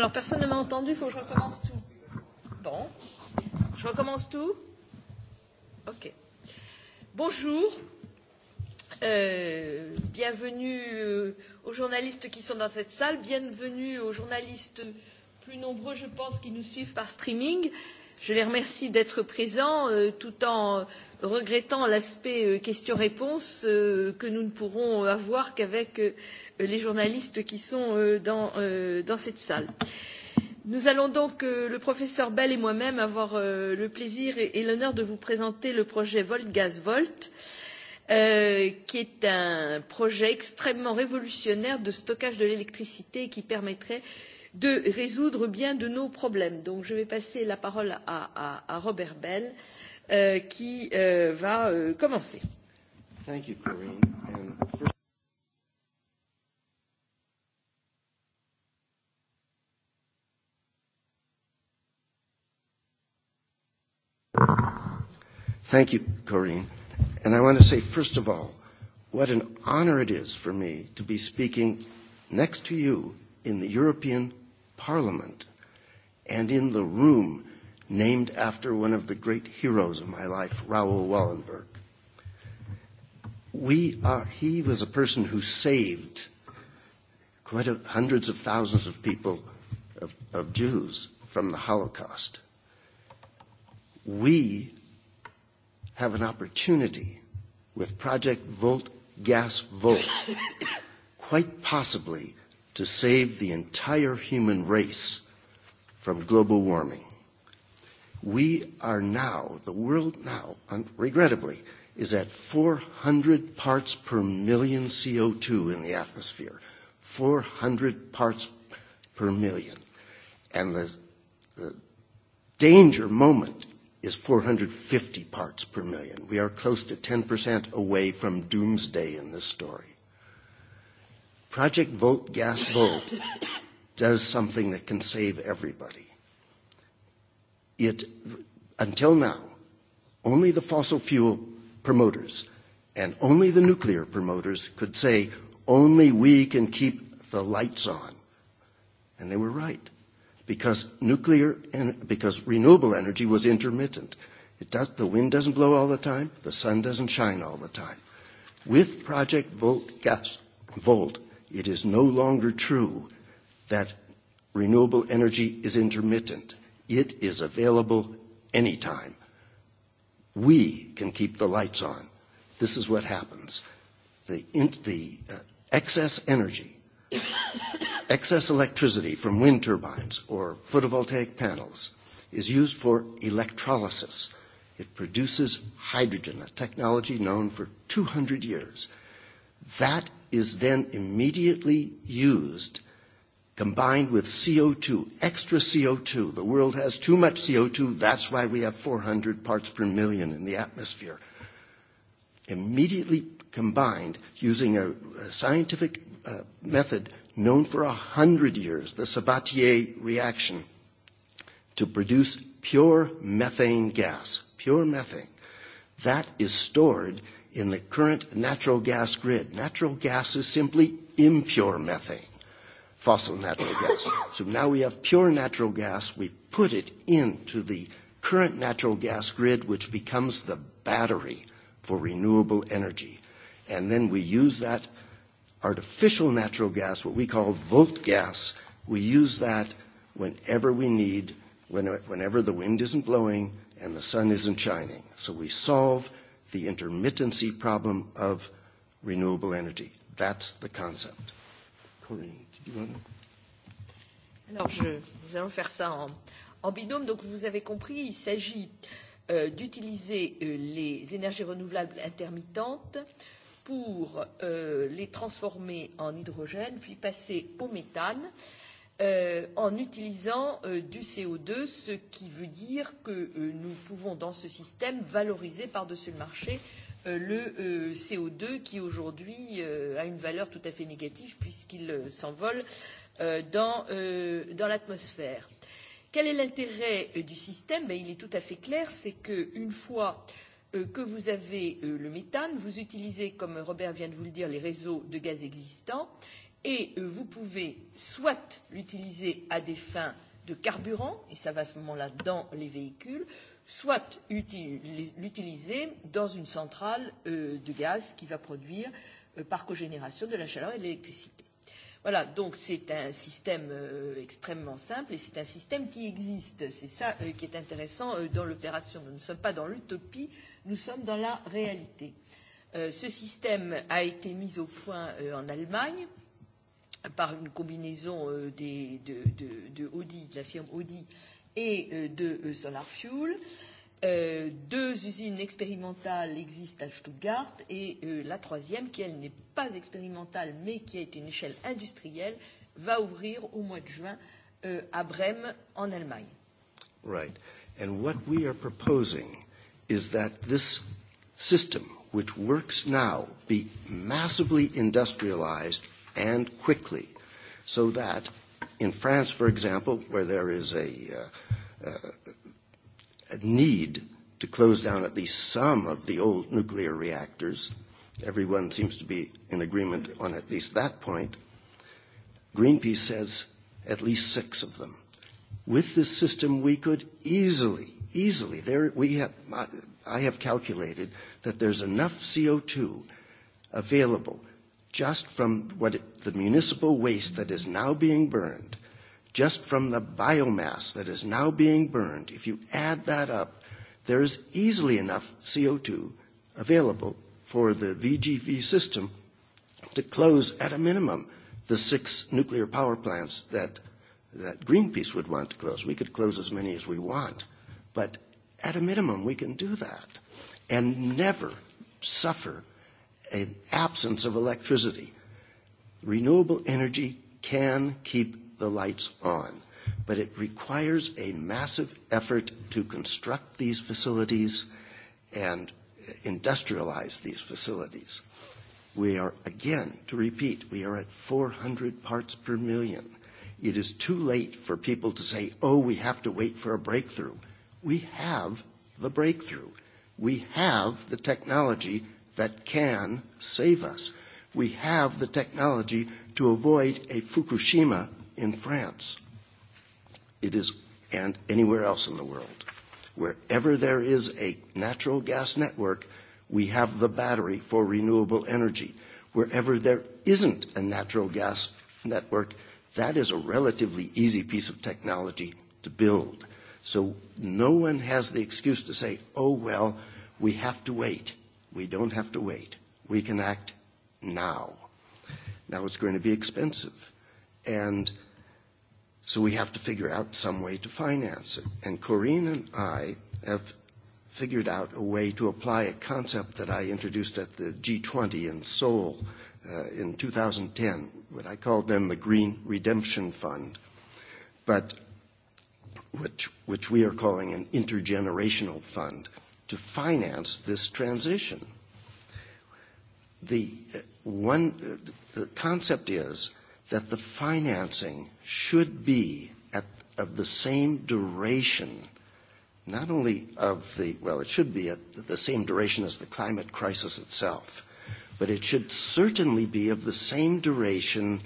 Alors personne ne m'a entendu, il faut que je recommence tout. Bon, je recommence tout. Ok. Bonjour. Euh, bienvenue aux journalistes qui sont dans cette salle. Bienvenue aux journalistes plus nombreux, je pense, qui nous suivent par streaming. Je les remercie d'être présents tout en regrettant l'aspect questions-réponses que nous ne pourrons avoir qu'avec les journalistes qui sont dans cette salle. Nous allons donc, le professeur Bell et moi-même, avoir le plaisir et l'honneur de vous présenter le projet Volt-Gaz-Volt, qui est un projet extrêmement révolutionnaire de stockage de l'électricité et qui permettrait de résoudre bien de nos problèmes. Donc je vais passer la parole à Robert Bell qui va commencer. Thank you, Corinne. And I want to say, first of all, what an honor it is for me to be speaking next to you in the European Parliament and in the room named after one of the great heroes of my life, Raoul Wallenberg. We are, he was a person who saved quite a, hundreds of thousands of people, of Jews, from the Holocaust. We have an opportunity with Project Volt Gas Volt, quite possibly to save the entire human race from global warming. We are now, the world now, regrettably, is at 400 parts per million CO2 in the atmosphere. 400 parts per million. And the, danger moment is 450 parts per million. We are close to 10% away from doomsday in this story. Project Volt Gas Volt does something that can save everybody. It, until now, only the fossil fuel promoters and only the nuclear promoters could say, only we can keep the lights on. And they were right, because nuclear and because renewable energy was intermittent. It does, the wind doesn't blow all the time, the sun doesn't shine all the time. With Project Volt Gas Volt, It is no longer true that renewable energy is intermittent. It is available anytime. We can keep the lights on. This is what happens. The excess energy, excess electricity from wind turbines or photovoltaic panels is used for electrolysis. It produces hydrogen, a technology known for 200 years. That is then immediately used combined with CO2, extra CO2. The world has too much CO2. That's why we have 400 parts per million in the atmosphere. Immediately combined using a scientific method known for 100 years, the Sabatier reaction, to produce pure methane gas, pure methane. That is stored in the current natural gas grid. Natural gas is simply impure methane, fossil natural gas. So now we have pure natural gas. We put it into the current natural gas grid, which becomes the battery for renewable energy. And then we use that artificial natural gas, what we call volt gas. We use that whenever we need, whenever the wind isn't blowing and the sun isn't shining. So we solve the intermittency problem of renewable energy. That's the concept. Corinne, do you want to? Alors, je, nous allons faire ça en, en binôme. Donc, vous avez compris, il s'agit euh, d'utiliser euh, les énergies renouvelables intermittentes pour euh, les transformer en hydrogène, puis passer au méthane. Euh, en utilisant du CO2, ce qui veut dire que nous pouvons, dans ce système, valoriser par-dessus le marché le CO2 qui, aujourd'hui, a une valeur tout à fait négative puisqu'il s'envole dans l'atmosphère. Quel est l'intérêt du système Il est tout à fait clair, c'est qu'une fois que vous avez le méthane, vous utilisez, comme Robert vient de vous le dire, les réseaux de gaz existants et vous pouvez soit l'utiliser à des fins de carburant, et ça va à ce moment-là dans les véhicules, soit l'utiliser dans une centrale de gaz qui va produire par cogénération de la chaleur et de l'électricité. Voilà, donc c'est un système extrêmement simple et c'est un système qui existe. C'est ça qui est intéressant dans l'opération. Nous ne sommes pas dans l'utopie, nous sommes dans la réalité. Ce système a été mis au point en Allemagne par une combinaison des, de, de, de Audi, de la firme Audi et de Solar Fuel. Deux usines expérimentales existent à Stuttgart et la troisième, qui elle n'est pas expérimentale mais qui est une échelle industrielle, va ouvrir au mois de juin à Brême en Allemagne. Right. And what we are proposing is that this system, which works now, be massively industrialized and quickly so that in France, for example, where there is a need to close down at least some of the old nuclear reactors, everyone seems to be in agreement on at least that point, Greenpeace says at least six of them. With this system, we could easily, easily, there we have, I have calculated that there's enough CO2 available just from what the municipal waste that is now being burned, just from the biomass that is now being burned, if you add that up, there is easily enough CO2 available for the VGV system to close at a minimum the six nuclear power plants that that Greenpeace would want to close. We could close as many as we want, but at a minimum we can do that and never suffer an absence of electricity. Renewable energy can keep the lights on, but it requires a massive effort to construct these facilities and industrialize these facilities. We are, again, to repeat, we are at 400 parts per million. It is too late for people to say, oh, we have to wait for a breakthrough. We have the breakthrough. We have the technology that can save us. We have the technology to avoid a Fukushima in France. It is, and anywhere else in the world. Wherever there is a natural gas network, we have the battery for renewable energy. Wherever there isn't a natural gas network, that is a relatively easy piece of technology to build. So no one has the excuse to say, oh, well, we have to wait. We don't have to wait. We can act now. Now it's going to be expensive. And so we have to figure out some way to finance it. And Corinne and I have figured out a way to apply a concept that I introduced at the G20 in Seoul in 2010, what I called then the Green Redemption Fund, but which, which we are calling an intergenerational fund to finance this transition. The one the concept is that the financing should be at of the same duration not only of the well it should be at the same duration as the climate crisis itself but it should certainly be of the same duration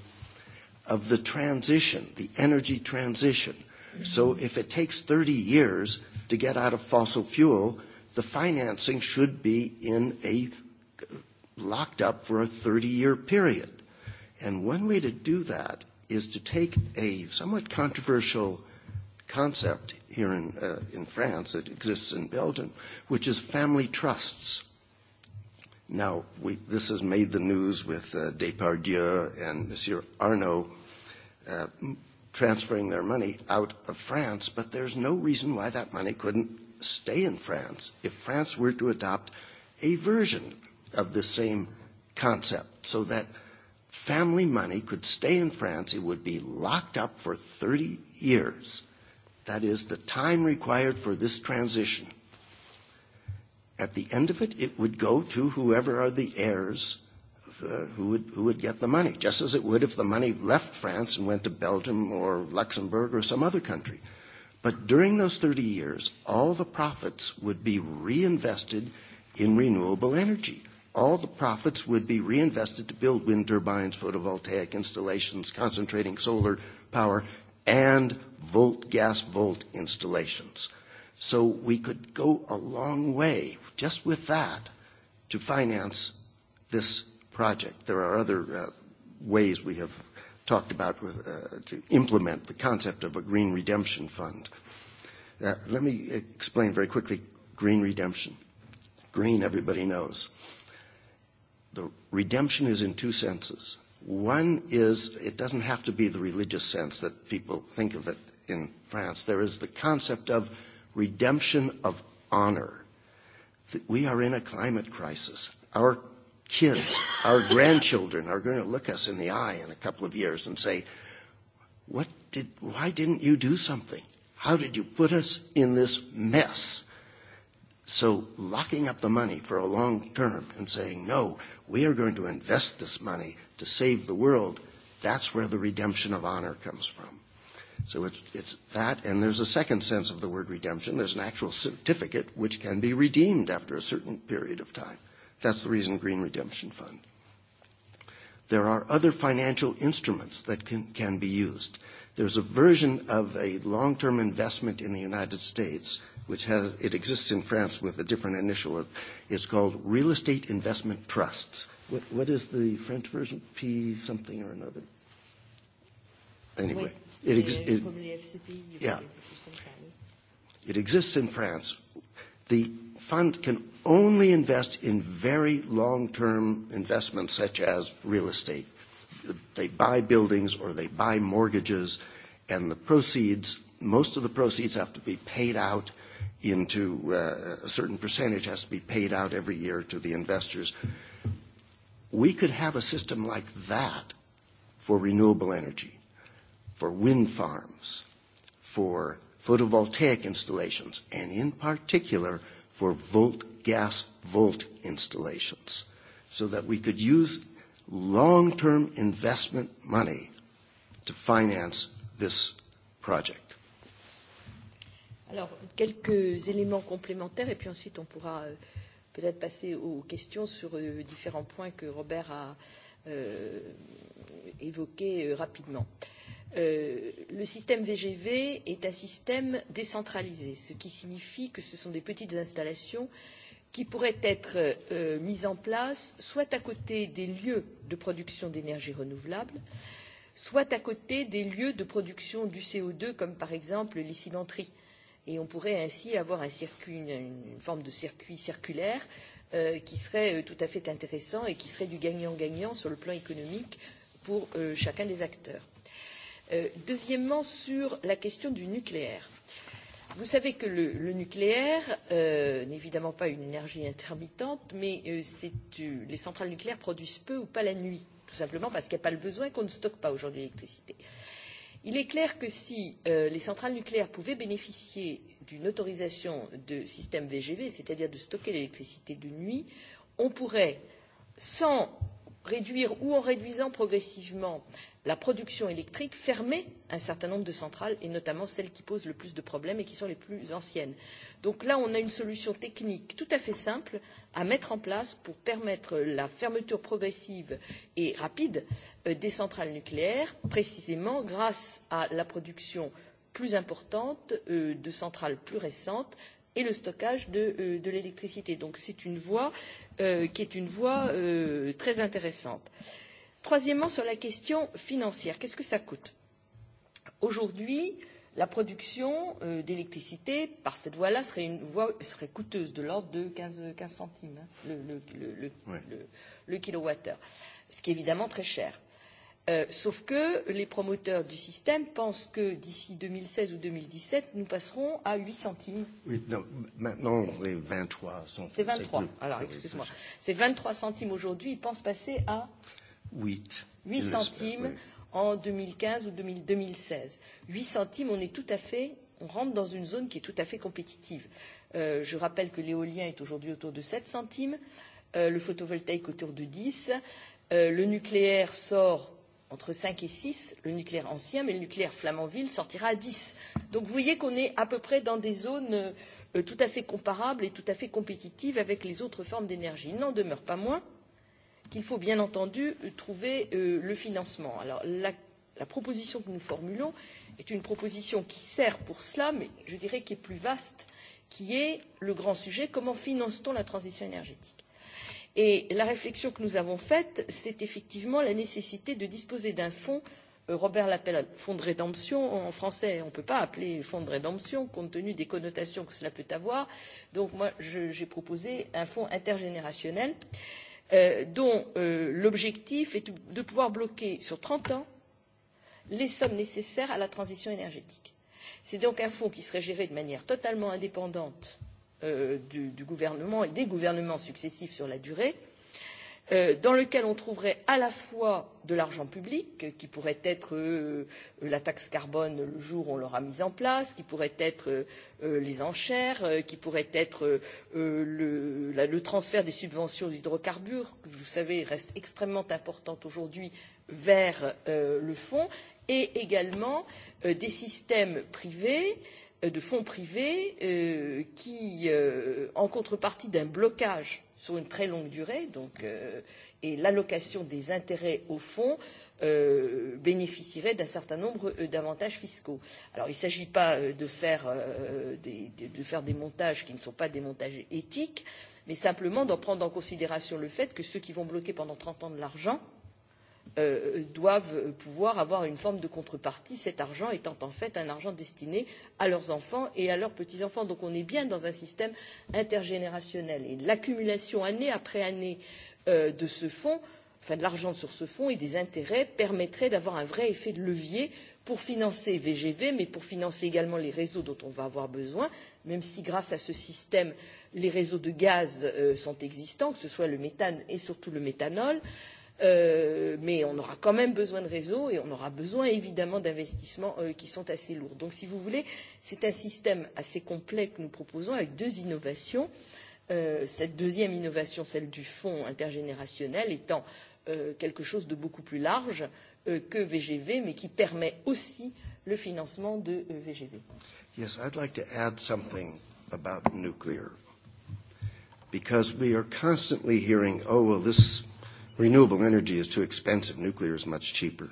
of the transition the energy transition so if it takes 30 years to get out of fossil fuel the financing should be in a locked up for a 30-year period. And one way to do that is to take a somewhat controversial concept here in, France that exists in Belgium, which is family trusts. Now, this has made the news with Depardieu and Monsieur Arnault transferring their money out of France, but there's no reason why that money couldn't stay in France if France were to adopt a version of the same concept so that family money could stay in France. It would be locked up for 30 years. That is the time required for this transition. At the end of it, it would go to whoever are the heirs who would who would get the money, just as it would if the money left France and went to Belgium or Luxembourg or some other country. But during those 30 years, all the profits would be reinvested in renewable energy. All the profits would be reinvested to build wind turbines, photovoltaic installations, concentrating solar power, and volt gas volt installations. So we could go a long way just with that to finance this project. There are other ways we have talked about with to implement the concept of a green redemption fund. Let me explain very quickly green redemption. Green, everybody knows. The redemption is in two senses. One is it doesn't have to be the religious sense that people think of it in France. There is the concept of redemption of honor. We are in a climate crisis. Our kids, our grandchildren, are going to look us in the eye in a couple of years and say, what did, why didn't you do something? How did you put us in this mess? So locking up the money for a long term and saying, no, we are going to invest this money to save the world, that's where the redemption of honor comes from. So it's, it's that, and there's a second sense of the word redemption. There's an actual certificate which can be redeemed after a certain period of time. That's the reason Green Redemption Fund. There are other financial instruments that can be used. There's a version of a long-term investment in the United States, which has it exists in France with a different initial. It's called Real Estate Investment Trusts. What is the French version? P something or another. Anyway, it yeah, it exists in France. The fund can only invest in very long-term investments such as real estate. They buy buildings or they buy mortgages, and the proceeds, most of the proceeds have to be paid out into a certain percentage has to be paid out every year to the investors. We could have a system like that for renewable energy, for wind farms, for photovoltaic installations, and in particular for volt gas volt installations so that we could use long-term investment money to finance this project. Alors, quelques éléments complémentaires et puis ensuite on pourra peut-être passer aux questions sur différents points que Robert a évoqués rapidement. Le système VGV est un système décentralisé, ce qui signifie que ce sont des petites installations qui pourrait être mises en place soit à côté des lieux de production d'énergie renouvelable soit à côté des lieux de production du co deux comme par exemple les cimenteries et on pourrait ainsi avoir une forme de circuit circulaire qui serait tout à fait intéressant et qui serait du gagnant gagnant sur le plan économique pour chacun des acteurs. deuxièmement sur la question du nucléaire Vous savez que le nucléaire n'est évidemment pas une énergie intermittente, mais les centrales nucléaires produisent peu ou pas la nuit, tout simplement parce qu'il n'y a pas le besoin qu'on ne stocke pas aujourd'hui l'électricité. Il est clair que si les centrales nucléaires pouvaient bénéficier d'une autorisation de système VGV, c'est-à-dire de stocker l'électricité de nuit, on pourrait, sans réduire ou en réduisant progressivement la production électrique fermer un certain nombre de centrales et notamment celles qui posent le plus de problèmes et qui sont les plus anciennes. donc là on a une solution technique tout à fait simple à mettre en place pour permettre la fermeture progressive et rapide des centrales nucléaires précisément grâce à la production plus importante de centrales plus récentes et le stockage de l'électricité. donc c'est une voie qui est une voie très intéressante. Troisièmement, sur la question financière, qu'est-ce que cela coûte Aujourd'hui, la production d'électricité par cette voie-là serait une voie serait coûteuse de l'ordre de 15 centimes le kilowattheure, ce qui est évidemment très cher. Sauf que les promoteurs du système pensent que d'ici 2016 ou 2017, nous passerons à 8 centimes. Oui, non, maintenant, c'est 23 centimes. C'est 23, alors excuse-moi. C'est 23 centimes aujourd'hui, ils pensent passer à 8 centimes en 2015 ou 2016. 8 centimes, on est tout à fait, on rentre dans une zone qui est tout à fait compétitive. Je rappelle que l'éolien est aujourd'hui autour de 7 centimes, le photovoltaïque autour de 10, le nucléaire sort entre 5 et 6, le nucléaire ancien, mais le nucléaire flamandville sortira à 10. Donc vous voyez qu'on est à peu près dans des zones tout à fait comparables et tout à fait compétitives avec les autres formes d'énergie. Il n'en demeure pas moins qu'il faut bien entendu trouver le financement. Alors, la proposition que nous formulons est une proposition qui sert pour cela, mais je dirais qui est plus vaste, qui est le grand sujet, comment finance-t-on la transition énergétique Et la réflexion que nous avons faite, c'est effectivement la nécessité de disposer d'un fonds Robert l'appelle fonds de rédemption. En français, on ne peut pas appeler fonds de rédemption compte tenu des connotations que cela peut avoir. Donc moi, j'ai proposé un fonds intergénérationnel dont l'objectif est de pouvoir bloquer sur trente ans les sommes nécessaires à la transition énergétique. c'est donc un fonds qui serait géré de manière totalement indépendante du gouvernement et des gouvernements successifs sur la durée dans lequel on trouverait à la fois de l'argent public qui pourrait être la taxe carbone le jour où on l'aura mise en place qui pourrait être les enchères qui pourrait être le transfert des subventions aux hydrocarbures qui vous savez restent extrêmement importantes aujourd'hui vers le fonds et également des systèmes privés de fonds privés qui en contrepartie d'un blocage sur une très longue durée et l'allocation des intérêts au fonds bénéficierait d'un certain nombre d'avantages fiscaux. Alors il ne s'agit pas de faire des montages qui ne sont pas des montages éthiques, mais simplement d'en prendre en considération le fait que ceux qui vont bloquer pendant 30 ans de l'argent doivent pouvoir avoir une forme de contrepartie cet argent étant en fait un argent destiné à leurs enfants et à leurs petits enfants. donc on est bien dans un système intergénérationnel et l'accumulation année après année de ce fonds enfin de l'argent sur ce fonds et des intérêts permettrait d'avoir un vrai effet de levier pour financer VGV, mais pour financer également les réseaux dont on va avoir besoin, même si grâce à ce système, les réseaux de gaz sont existants, que ce soit le méthane et surtout le méthanol mais on aura quand même besoin de réseaux et on aura besoin évidemment d'investissements qui sont assez lourds. donc si vous voulez c'est un système assez complet que nous proposons avec deux innovations cette deuxième innovation celle du fonds intergénérationnel étant quelque chose de beaucoup plus large que vgv mais qui permet aussi le financement de vgv. yes i'd like to add something about nuclear because we are constantly hearing oh well this renewable energy is too expensive. Nuclear is much cheaper.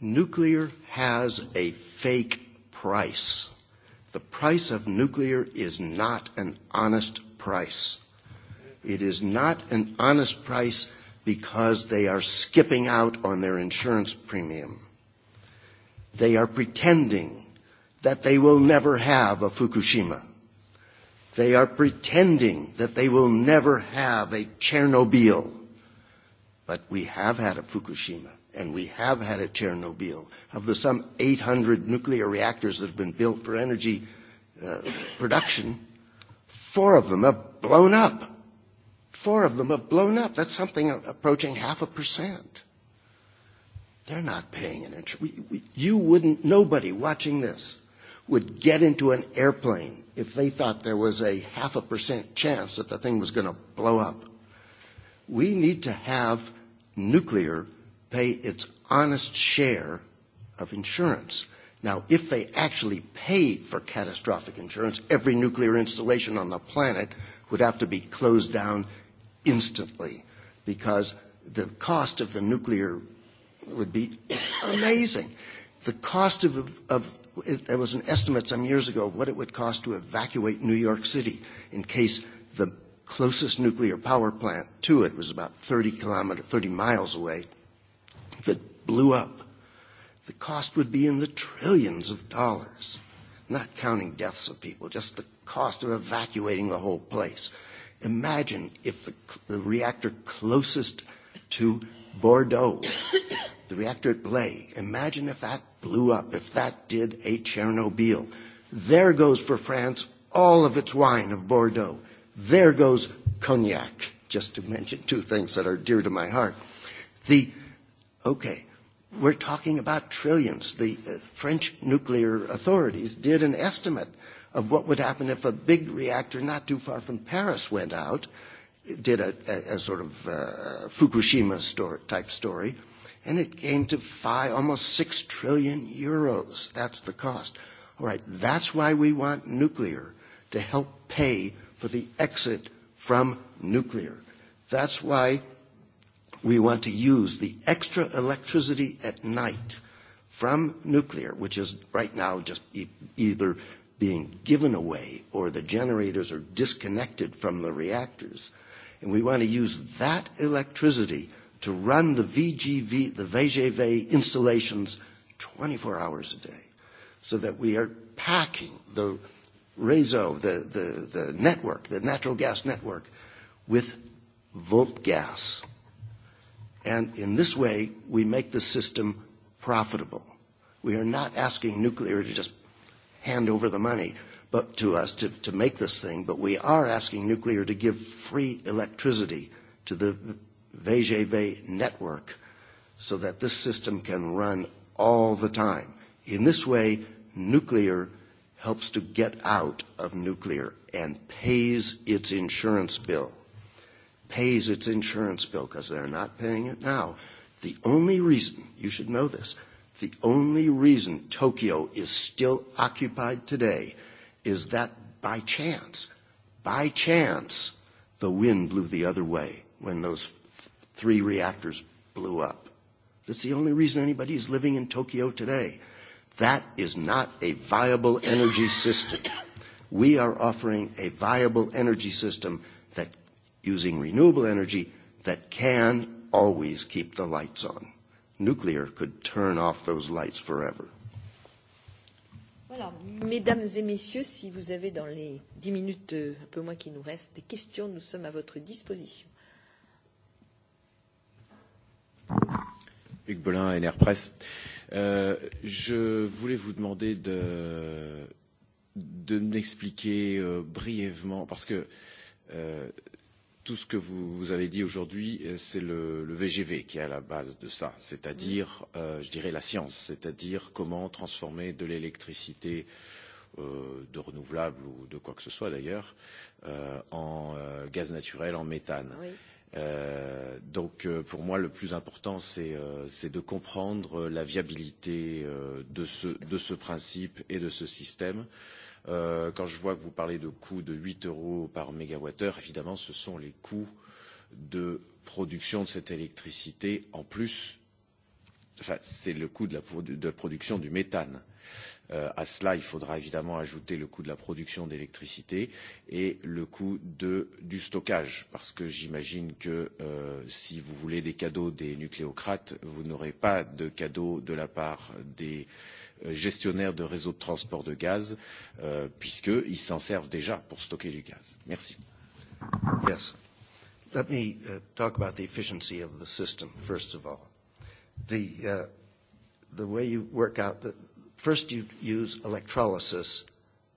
Nuclear has a fake price. The price of nuclear is not an honest price. It is not an honest price because they are skipping out on their insurance premium. They are pretending that they will never have a Fukushima. They are pretending that they will never have a Chernobyl. But we have had a Fukushima and we have had a Chernobyl. Of the some 800 nuclear reactors that have been built for energy production, four of them have blown up. Four of them have blown up. That's something approaching half a percent. They're not paying an interest. You wouldn't, nobody watching this would get into an airplane if they thought there was a half a percent chance that the thing was going to blow up. We need to have nuclear pay its honest share of insurance. Now, if they actually paid for catastrophic insurance, every nuclear installation on the planet would have to be closed down instantly because the cost of the nuclear would be amazing. The cost of, of there was an estimate some years ago of what it would cost to evacuate New York City in case the closest nuclear power plant to it was about 30 kilometers, 30 miles away that blew up. The cost would be in the trillions of dollars, not counting deaths of people, just the cost of evacuating the whole place. Imagine if the, the reactor closest to Bordeaux, the reactor at Blay, imagine if that blew up, if that did a Chernobyl. There goes for France all of its wine of Bordeaux There goes cognac, just to mention two things that are dear to my heart. The, okay, we're talking about trillions. The French nuclear authorities did an estimate of what would happen if a big reactor not too far from Paris went out, did a sort of Fukushima type story, and it came to five, almost six trillion euros. That's the cost. All right, that's why we want nuclear to help pay for the exit from nuclear. That's why we want to use the extra electricity at night from nuclear, which is right now just either being given away or the generators are disconnected from the reactors. And we want to use that electricity to run the VGV, the VGV installations 24 hours a day so that we are packing the Rezo, the, the, the network, the natural gas network, with volt gas. And in this way, we make the system profitable. We are not asking nuclear to just hand over the money but to us to, to make this thing, but we are asking nuclear to give free electricity to the VGV network so that this system can run all the time. In this way, nuclear helps to get out of nuclear and pays its insurance bill. Pays its insurance bill because they're not paying it now. The only reason, you should know this, the only reason Tokyo is still occupied today is that by chance, by chance, the wind blew the other way when those three reactors blew up. That's the only reason anybody is living in Tokyo today. That is not a viable energy system. We are offering a viable energy system that, using renewable energy, that can always keep the lights on. Nuclear could turn off those lights forever. Voilà, mesdames et messieurs, si vous avez dans les dix minutes, un peu moins qui nous reste, des questions, nous sommes à votre disposition. Hugues Belin, NR Presse. Je voulais vous demander de de m'expliquer brièvement, parce que tout ce que vous avez dit aujourd'hui, c'est le VGV qui est à la base de ça, c'est-à-dire, je dirais, la science, c'est-à-dire comment transformer de l'électricité de renouvelable ou de quoi que ce soit d'ailleurs, en gaz naturel, en méthane. Donc pour moi, le plus important, c'est de comprendre la viabilité de ce principe et de ce système. Quand je vois que vous parlez de coûts de 8 euros par mégawattheure, évidemment, ce sont les coûts de production de cette électricité en plus c'est le coût de la production du méthane. À cela, il faudra évidemment ajouter le coût de la production d'électricité et le coût du stockage, parce que j'imagine que si vous voulez des cadeaux des nucléocrates, vous n'aurez pas de cadeaux de la part des gestionnaires de réseaux de transport de gaz, puisqu'ils s'en servent déjà pour stocker du gaz. Merci. Let me talk about the efficiency of the system, first of all the way you work out the first you use electrolysis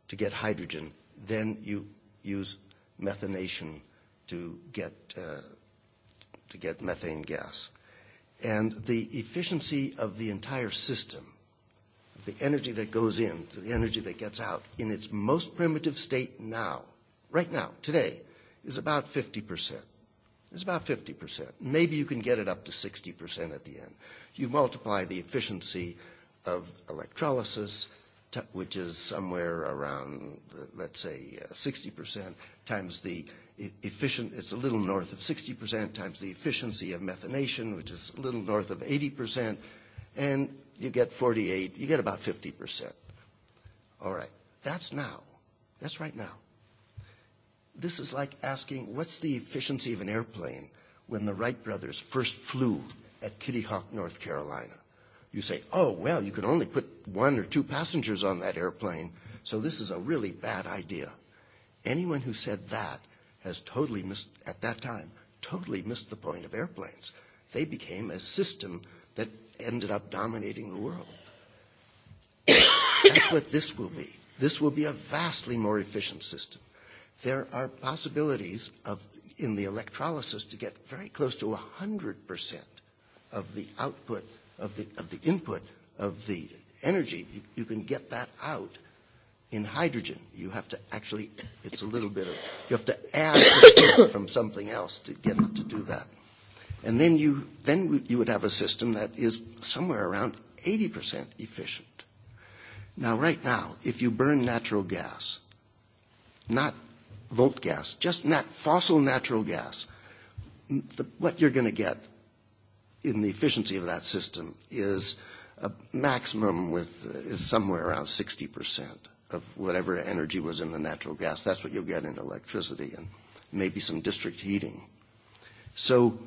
to get hydrogen, then you use methanation to get to get methane gas. And the efficiency of the entire system, the energy that goes in to the energy that gets out, in its most primitive state now, right now, today, is about 50 percent. It's about 50%. Maybe you can get it up to 60% at the end. You multiply the efficiency of electrolysis, which is somewhere around, let's say, 60%, times the efficient, it's a little north of 60%, times the efficiency of methanation, which is a little north of 80%, and you get 48, you get about 50%. All right. That's now. That's right now. This is like asking, what's the efficiency of an airplane when the Wright brothers first flew at Kitty Hawk, North Carolina? You say, oh, well, you can only put one or two passengers on that airplane, so this is a really bad idea. Anyone who said that has totally missed, at that time, totally missed the point of airplanes. They became a system that ended up dominating the world. That's what this will be. This will be a vastly more efficient system there are possibilities of, in the electrolysis to get very close to 100% of the output, of the, of the input of the energy. You, can get that out in hydrogen. You have to actually, it's a little bit of, you have to add from something else to get it to do that. And then you, then you would have a system that is somewhere around 80% efficient. Now, right now, if you burn natural gas, not volt gas, just nat fossil natural gas, what you're going to get in the efficiency of that system is a maximum with is somewhere around 60% of whatever energy was in the natural gas. That's what you'll get in electricity and maybe some district heating. So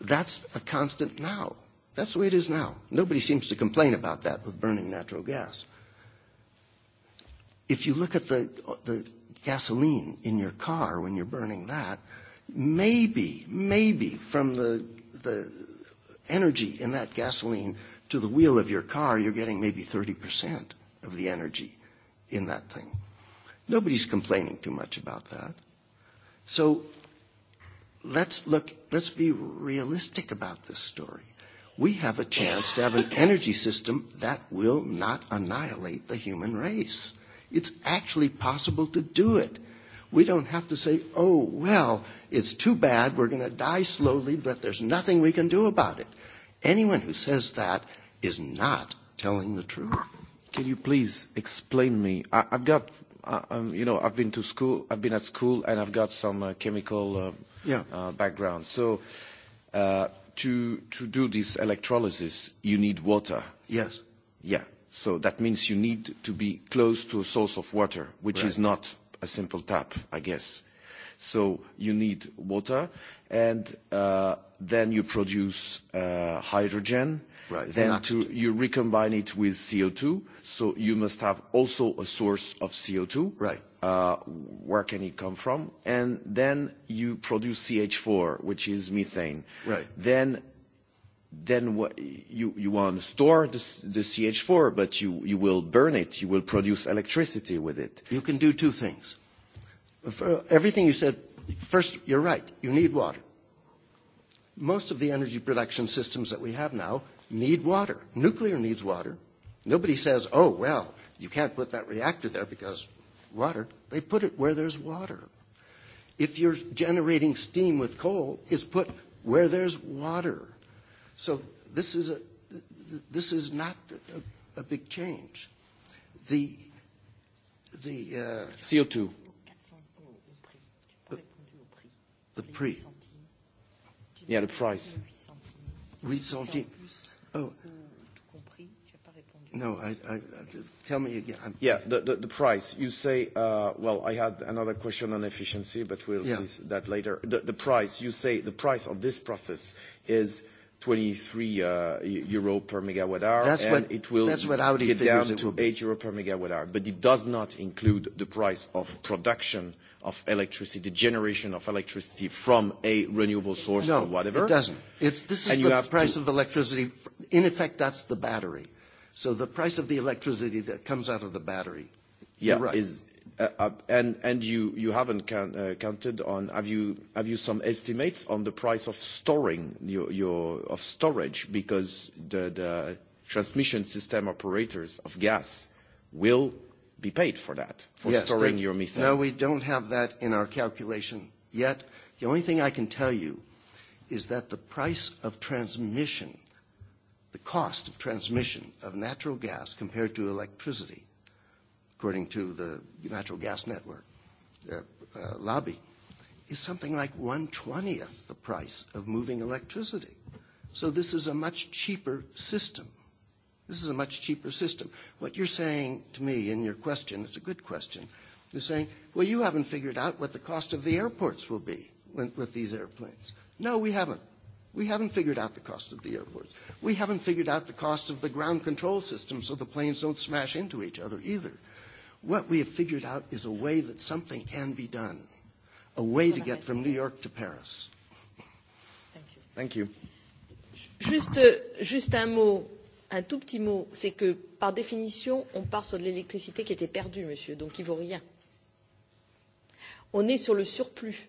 that's a constant now. That's the way it is now. Nobody seems to complain about that with burning natural gas. If you look at the the gasoline in your car when you're burning that, maybe, maybe from the the energy in that gasoline to the wheel of your car, you're getting maybe 30% of the energy in that thing. Nobody's complaining too much about that. So let's look, let's be realistic about this story. We have a chance to have an energy system that will not annihilate the human race. It's actually possible to do it. We don't have to say, oh, well, it's too bad, we're going to die slowly, but there's nothing we can do about it. Anyone who says that is not telling the truth. Can you please explain me? I've got, you know, I've been to school, I've been at school, and I've got some chemical background. So to do this electrolysis, you need water. Yes. Yeah. So that means you need to be close to a source of water, which is not a simple tap, I guess. So you need water, and then you produce hydrogen. Then you recombine it with CO2, so you must have also a source of CO2. Right. Where can it come from? And then you produce CH4, which is methane. Right. Then then you you want to store the CH4, but you you will burn it. You will produce electricity with it. You can do two things. Everything you said. First, you're right. You need water. Most of the energy production systems that we have now need water. Nuclear needs water. Nobody says, oh, well, you can't put that reactor there because water. They put it where there's water. If you're generating steam with coal, it's put where there's water. So this is a this is not a big change. The the CO2. The pre. Yeah, the price. 8 centimes. Oh. No, I, I, tell me again. Yeah, the, the, the price. You say, uh, well, I had another question on efficiency, but we'll see that later. The, the price, you say the price of this process is 23 euro per megawatt hour. That's what it will get down to 8 euro per megawatt hour. But it does not include the price of production of electricity, generation of electricity from a renewable source or whatever. No, it doesn't. This is the price of electricity. In effect, that's the battery. So the price of the electricity that comes out of the battery. Yeah, is And you haven't counted on. Have you some estimates on the price of storing your of storage? Because the transmission system operators of gas will be paid for that, for storing your methane. No, we don't have that in our calculation yet. The only thing I can tell you is that the price of transmission, the cost of transmission of natural gas compared to electricity according to the Natural Gas Network lobby, is something like one-twentieth the price of moving electricity. So this is a much cheaper system. This is a much cheaper system. What you're saying to me in your question, it's a good question, you're saying, well, you haven't figured out what the cost of the airports will be with these airplanes. No, we haven't. We haven't figured out the cost of the airports. We haven't figured out the cost of the ground control system so the planes don't smash into each other either. What we have figured out is a way that something can be done, a way to get from New York to Paris. Thank you. Juste, juste un mot, un tout petit mot, c'est que par définition, on part sur de l'électricité qui était perdue, monsieur, donc il vaut rien. On est sur le surplus,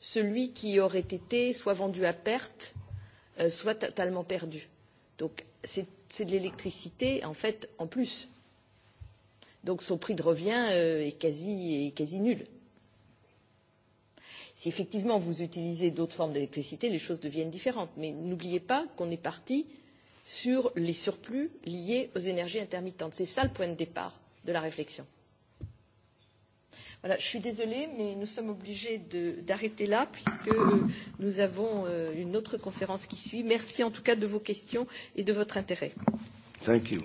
celui qui aurait été soit vendu à perte, soit totalement perdu. Donc c'est de l'électricité, en fait, en plus donc son prix de revient est quasi nul. Si effectivement vous utilisez d'autres formes d'électricité, les choses deviennent différentes, mais n'oubliez pas qu'on est parti sur les surplus liés aux énergies intermittentes. C'est ça le point de départ de la réflexion. Voilà, je suis désolée, mais nous sommes obligés d'arrêter là, puisque nous avons une autre conférence qui suit. Merci en tout cas de vos questions et de votre intérêt. Thank you.